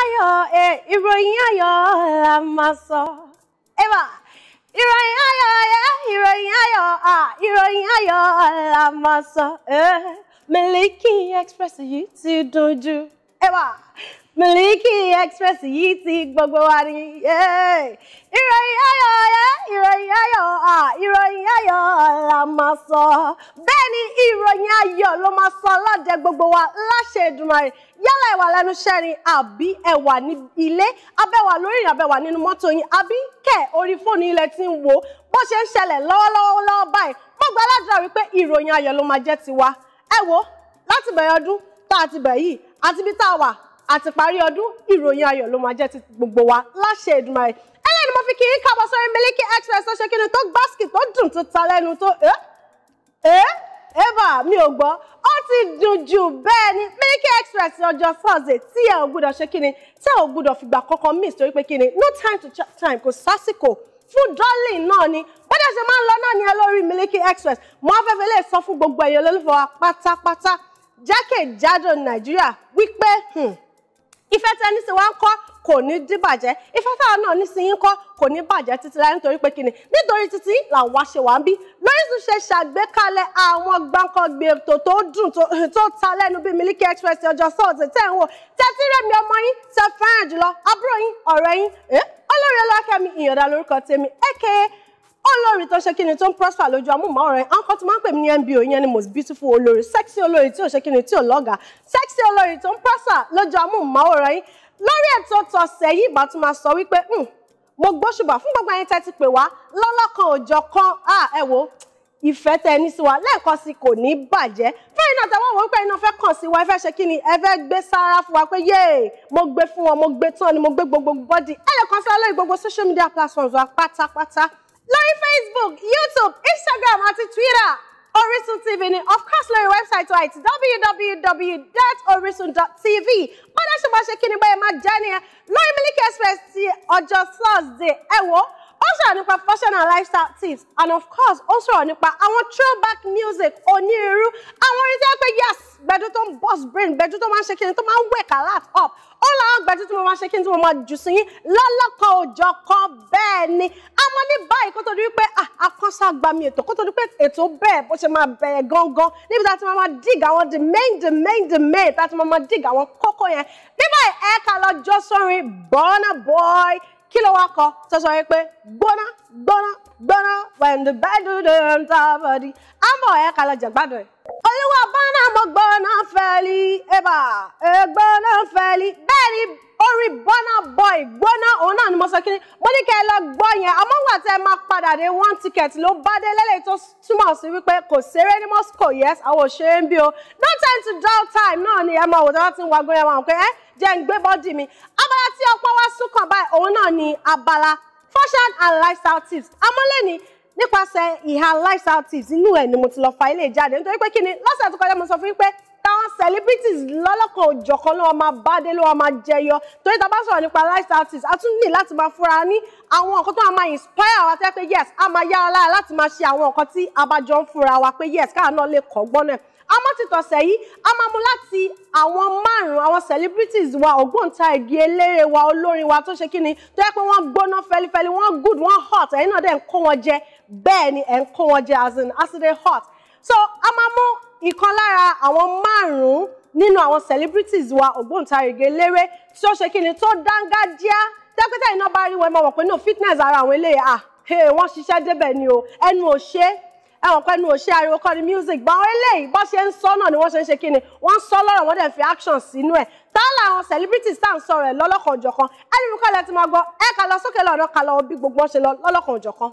ayọ̀ ẹ e, ìròyìn ayọ̀ la máa sọ ẹ bá ìròyìn ayọ̀ ẹ e, ìròyìn ayọ̀ à ìròyìn ayọ̀ la máa sọ ẹ eh, Miliki Express yìí ti dùn jù ẹ bá Miliki Express yìí ti gbogbo wa ni ìròyìn ayọ̀ ọ̀yá ìròyìn ayọ̀ ọ̀hà ah. ìròyìn ayọ̀ la máa sọ bẹ́ẹ̀ ni ìròyìn ayọ̀ ló máa sọ lọ́dẹ gbogbo wa láṣẹ Èdùmàrè yálà ẹ̀wà lẹ́nu ṣẹ́rin àbí ẹ̀wà ní ilé abẹ́wà lórí ìrìnàbẹ̀wà nínú mọ́tò yín àbí kẹ̀ orí fóònù ilẹ̀ tí ń wò bó ṣe ń ṣẹlẹ̀ lọ́wọ́lọ́wọ́ lọ́wọ́ báyìí gbogbo aládùúrà wípé ìròyìn ayọ̀ ló máa jẹ́ àti parí ọdún ìròyìn ayọ̀ ló máa jẹ́ ti gbogbo wa láṣẹ Èdùmàrè ẹlẹ́ni mo fi kí yín káàbọ̀ sórí Miliki Express tó ṣe kí ni tó gbásìkì tó dùn tó ta lẹ́nu tó ẹ́ ẹ́ ẹ́bà mi ò gbọ́ ó ti dùn jù bẹ́ẹ̀ ni Miliki Express ọjọ́ Thursday tí ẹ ò gbúdọ̀ ṣe kí ni tí ẹ ò gbúdọ̀ fìgbà kankan miss torí pé kí ni no time to chat time kò sásìkò fún darling náà ni bọ́dẹ̀ ṣe máa ń lọ náà ni ẹ lórí Miliki Express mo afẹ́fẹ́ lè sọ fún gbogbo ẹ̀yọ́ lólùfọ́ wa pátápátá jákèjádò Nàìjíríà wípé hmm, ìfẹ́ tẹ́ ní sí wa ń kọ́ kò ní díbàjẹ́ ìfẹ́ táwọn náà ní sí yín kọ́ kò ní bàjẹ́ títí láyé nítorí pé kíni nítorí títí làwọn wá ṣe wà ń bí lóríṣìí ṣe ṣàgbékalẹ̀ àwọn gbàǹkangbè ètò tó dùn tó ta lẹ́nu bíi Miliki Express ọjọ́ sọ́ọ̀tì tẹ̀ ń wò tẹ́tí rẹ̀mí ọmọ yín tẹ fẹ́ràn jùlọ àbúrò yín ọ̀rẹ́ yín olórí ọlọ́kẹ́mi ìyọ̀dà lórúkọ tèmi aka olórin tó ṣe kí ni tó ń prosper lójú amúhùnmáwòrán yẹn ọkọ tí máa ń pè mí ní mbo yẹn ni most beautiful olórin sexy olórin tí ò ṣe kí ni tí ò lọ́gà sexy olórin tó ń prosper lójú amúhùnmáwòrán yẹn lórí ètò tọ̀sẹ̀ yìí bá tún máa sọ wípé hmm, mo gbóṣùbà fún gbogbo ẹyin tẹ́ ti pè wá lọ́lọ́kan òjọ̀ kan ẹ wo ìfẹ́ tẹ ní sí wa lẹ́ẹ̀kan sí kò ní bàjẹ́ fẹ́ẹ̀ náà tẹ́wọ́n wọ́n pé iná fẹ́ kàn sí wa ẹ fẹ́ ṣe kí ni ẹ fẹ́ gbé sára fún wa pé yéè mo gbé fún wọn mo gbé tán ni mo gbé gbogbo bọ́dì ẹ lè kàn sí wa lórí gbogbo social media platforms wa pátápátá lórí Facebook YouTube Instagram àti Twitter Orisun TV ni of course lórí website wa It's www.orisun.tv bọ́dá ṣe máa ṣe kí ni báyìí máa jẹ́ nìyẹn lórí Miliki Express ti ọjọ́ Thursday ẹ Also on the professional lifestyle tips and of course ó sọ̀rọ̀ nípa àwọn throwback music onírúurú àwọn orin tí wọ́n pe yes gbẹ̀du to ń boss brain gbẹ̀du to máa ń ṣe kíni tó máa ń wake alert up ó làwọn gbẹ̀du tí man shaking, ń ṣe kíni tí mo máa jù sí yín lọ́lọ́kan òjọ̀ kan bẹ́ẹ̀ ni àmọ́ ní báyìí kó tó di wípé akọ́ṣàgbàmì ah, ètò kó tó di pé ètò bẹ́ẹ̀ bó ṣe máa bẹ̀rẹ̀ gangan níbi tá a ti máa máa dig àwọn the main the main the main tá a ti máa máa dig àwọn kókó yẹn ní báyìí ẹ̀ka lọ jọ́ sórin Burna Boy kí ló wá kọ tó sọ pé gbóná gbóná gbóná when the bed don ta body á mọ̀ ẹ́ ká lọ jẹ̀gbádùn ẹ̀. olúwa bọ́nà mo gbóná fẹ́lí ẹ̀bà ẹ̀gbóná fẹ́lí bẹ́ẹ̀ ni orin bọ́nà boy gbóná òun náà ni mo sọ kíni mo ní kẹ́ ẹ lọ gbọ́ yẹn àmọ́ wà tẹ́ ẹ máa padà dé one ticket ló bá dé lélẹ́yìí tó túmọ̀ sí wípé kò ṣeré ní moscow yes àwọn òṣèré ń bí o no time to dull time náà ni ẹ máa wò tí wọ́n ti ń wagbó yẹn wọn pé ẹ jẹ́ ń gbé bọ́dì mi abala tí ọpọ́n wá súnkàn báyìí òun náà ni abala fashion and lifestyle tips amọ́lẹ́ni nípasẹ̀ ìhà lifestyle tips inú ẹ̀ ni mo ti lọ fa ilé jáde nítorí pé kí ni lọ́sẹ̀ tó kọjá mo sọ fún yín pé táwọn celebrities lọ́lọ́kan òjọ̀kan ló máa bá dé ló máa jẹyọ torí ta bá sọ̀rọ̀ nípa lifestyle tips a tún ní láti máa fúnra ní àwọn nǹkan tó máa inspire wa tẹ́ pé yes a máa yára lára láti máa ṣe àwọn nǹkan tí a bá jọ ń fúnra wa pé yes káà náà lè kọ́ gbọ́n náà àmọ́ ti tọ̀sẹ̀ yìí a máa mú láti àwọn márùn-ún àwọn celebrities wa ògbóǹtarìgì eléré wa olórin wa tó ṣe kí ni tó yẹ pé wọ́n gbóná fẹlifẹli wọ́n good wọ́n hot ẹ̀yin náà dẹ̀ ń kó wọn jẹ bẹ́ẹ̀ ni ẹ̀ ń kó wọn jẹ as in aside hot so a máa mú ìkan lára àwọn márùn-ún nínú àwọn celebrities wa ògbóǹtarìgì eléré tí ó ṣe kí ni tó dángájíá tẹ́pẹ́tẹ́ iná bá rí wọn ẹ máa wọ̀ pé no fitness ara àwọn eléyà ah hey, wọ́n ṣiṣẹ́ débẹ̀ ni o ẹnu ò ṣe é ẹ̀wọ̀n pẹ́nu òṣè ariwo kọ́ ni music gbọ́n eléyìí bọ́ ṣe ń sọ náà ni wọ́n ṣe ń ṣe kí ni wọ́n ń sọ lọ́rọ̀ wọ́n dẹ̀ fi action sínú ẹ̀ tá làwọn celebrities tá à ń sọ̀rọ̀ ẹ̀ lọ́lọ́kan òjọ̀kan ẹni mi kọ́ lẹ ti máa gbọ́ ẹ kà lọ sókè lọ́nà kà lọ bí gbogbo ṣe lọ lọ́lọ́kan òjọ̀kan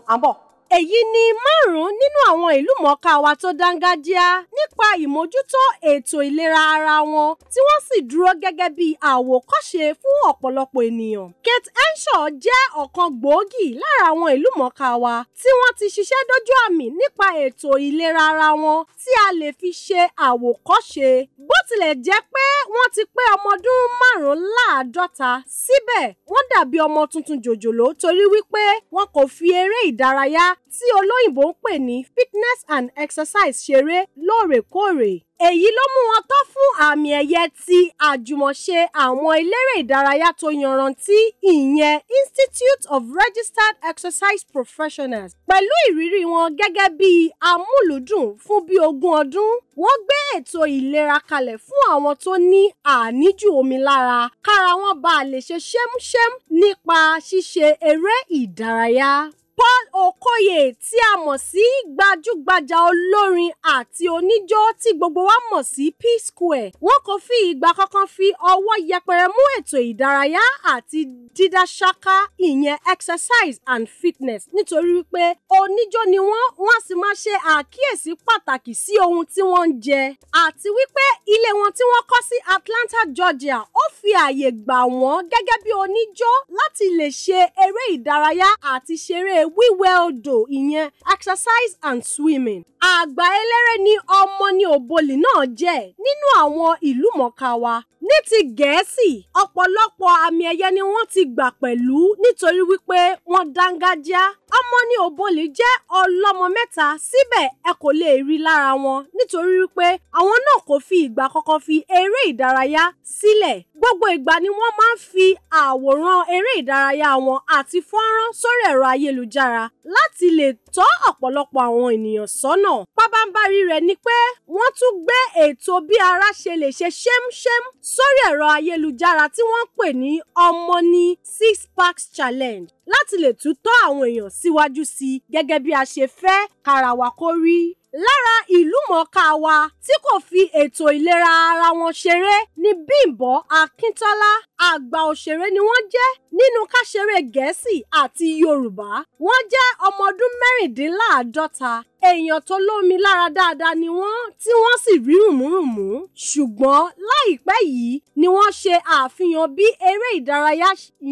èyí ni márùn-ún nínú àwọn ìlúmọ̀ọ́ká wa tó dáńgájíá nípa ìmójútó ètò ìlera ara wọn tí wọ́n sì dúró gẹ́gẹ́ bí àwòkọ́ṣe fún ọ̀pọ̀lọpọ̀ ènìyàn. Kate Henshaw jẹ́ ọ̀kan gbòógì lára àwọn ìlúmọ̀ọ́ká wa tí wọ́n ti ṣiṣẹ́ dójú àmì nípa ètò ìlera ara wọn tí a lè fi ṣe àwòkọ́ṣe. Bó tilẹ̀ jẹ́ pé wọ́n ti pé ọmọ ọdún márùnléláàádọ́ta síbẹ̀ wọ́n dàbí ọmọ tuntun jòjòló torí wípé wọn kò fi eré ìdárayá tí olóyìnbó ń pè ní fitness and exercise ṣeré lóòrèkóòrè èyí ló mú wọn tán fún àmì ẹ̀yẹ ti àjùmọ̀ṣe àwọn eléré ìdárayá tó yanrantí ìyẹn Institute of Registered Exercise Professionals pẹ̀lú ìrírí wọn gẹ́gẹ́ bí amúlùúdùn fún bí ogún ọdún wọ́n gbé ètò ìlera kalẹ̀ fún àwọn tó ní àníjù omi lára kára wọn bá lè ṣe ṣémúṣém nípa ṣíṣe eré ìdárayá. Paul Okoye tí a mọ̀ sí gbajúgbajà olórin àti oníjó tí gbogbo wa mọ̀ sí P-Square. Wọ́n kò fi ìgbà kankan fi ọwọ́ yẹpẹrẹ mú ètò ìdárayá àti dídáṣáká ìyẹn exercise and fitness nítorí wípé oníjó ni wọ́n wọ́n sì máa ṣe àkíyèsí pàtàkì sí ohun tí wọ́n ń jẹ àti wípé ilé wọn tí wọ́n kọ́ sí Atlanta, Georgia ó fi ààyè gbà wọ́n gẹ́gẹ́ bí oníjó láti lè ṣe eré ìdárayá àti ṣeré wíwẹ̀ Well, do ìyẹn exercise and swimming. àgbà eléré ni ọmọnì òbolì náà jẹ́ nínú àwọn ìlúmọ̀ọ́ká wa ní ti gẹ̀ẹ́sì ọ̀pọ̀lọpọ̀ àmì ẹ̀yẹ ni wọ́n ti gbà pẹ̀lú nítorí wípé wọ́n dángájá ọmọ ní òbólì jẹ́ ọlọ́mọ mẹ́ta síbẹ̀ ẹ kò lè rí lára wọn nítorí wípé àwọn náà kò fi ìgbà kankan fi eré ìdárayá sílẹ̀ gbogbo ìgbà ni wọ́n máa ń fi àwòrán eré ìdárayá wọn àti fọ́nrán sórí ẹ̀rọ ayélujára láti lè tọ́ ọ̀pọ̀lọpọ̀ àwọn ènìyàn sọ́nà pábánbárí rẹ̀ ni pé wọ́n tún gbé ètò bí ara ṣe lè ṣe ṣémṣém sórí ẹ̀rọ ayélujára tí wọ́n ń pè ní ọmọ ní six packs challenge láti lè tún tọ́ àwọn èèyàn síwájú sí i gẹ́gẹ́ bí a ṣe fẹ́ kára wa kó rí lára ìlúmọ̀ọ́ká wa tí kò fi ètò ìlera ara wọn ṣeré ni Bímbọ́ Akíntọ́lá àgbà òṣèré ni wọ́n jẹ́ nínú káṣeré Gẹ̀ẹ́sì àti Yorùbá wọ́n jẹ́ ọmọ ọdún mẹ́rìndínláàádọ́ta èèyàn tó lómi lára dáadáa ni wọ́n tí wọ́n sì rí rùmúrùmú ṣùgbọ́n láìpẹ́ yìí ni wọ́n ṣe àfihàn bí eré ìdárayá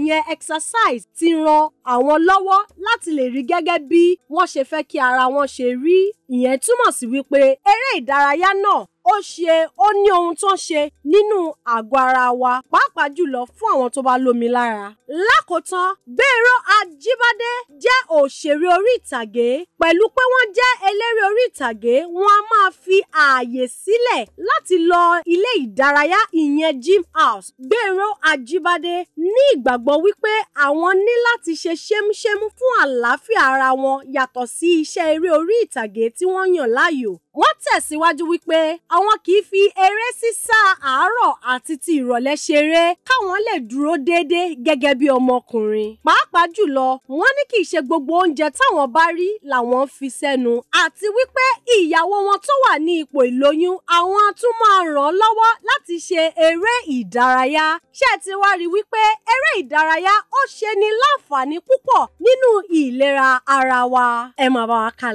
yẹn exercise ti ran àwọn lọ́wọ́ láti lè rí gẹ́gẹ́ bí wọ́n ṣe fẹ́ kí ara wọn ṣe rí ìyẹn túmọ̀ sí wípé eré ìdárayá náà ó ṣe ó ní ohun tó ń ṣe nínú àgọ́ ara wa pàápàá jùlọ fún àwọn tó bá lómi lára. lákòótán Gbénró Ajíbádé jẹ́ òṣèré orí ìtàgé pẹ̀lú pé wọ́n jẹ́ eléré orí ìtàgé wọn a máa fi ààyè sílẹ̀ láti lọ ilé ìdárayá ìyẹn gym house Gbénró Ajíbádé ní ìgbàgbọ́ wípé àwọn ní láti ṣe ṣémúṣémú fún àlàáfíà ara wọn yàtọ̀ sí iṣẹ́ eré orí ìtàgé tí wọ́n yàn láàyò wọ́n tẹ̀síwájú wípé àwọn kì í fi eré sísá àárọ̀ àti ti ìrọ̀lẹ́ ṣeré káwọn lè dúró déédéé gẹ́gẹ́ bí ọmọkùnrin. pàápàá jùlọ wọ́n ní kì í ṣe gbogbo oúnjẹ táwọn bá rí làwọn fi sẹ́nu àti wípé ìyàwó wọn tó wà ní ipò ìlóyún àwọn tún máa ràn án lọ́wọ́ láti ṣe eré ìdárayá. ṣé ẹ ti wá rí wípé eré ìdárayá ó ṣe ni láǹfààní púpọ̀ nínú ìlera ara wa. ẹ máa bá wa ká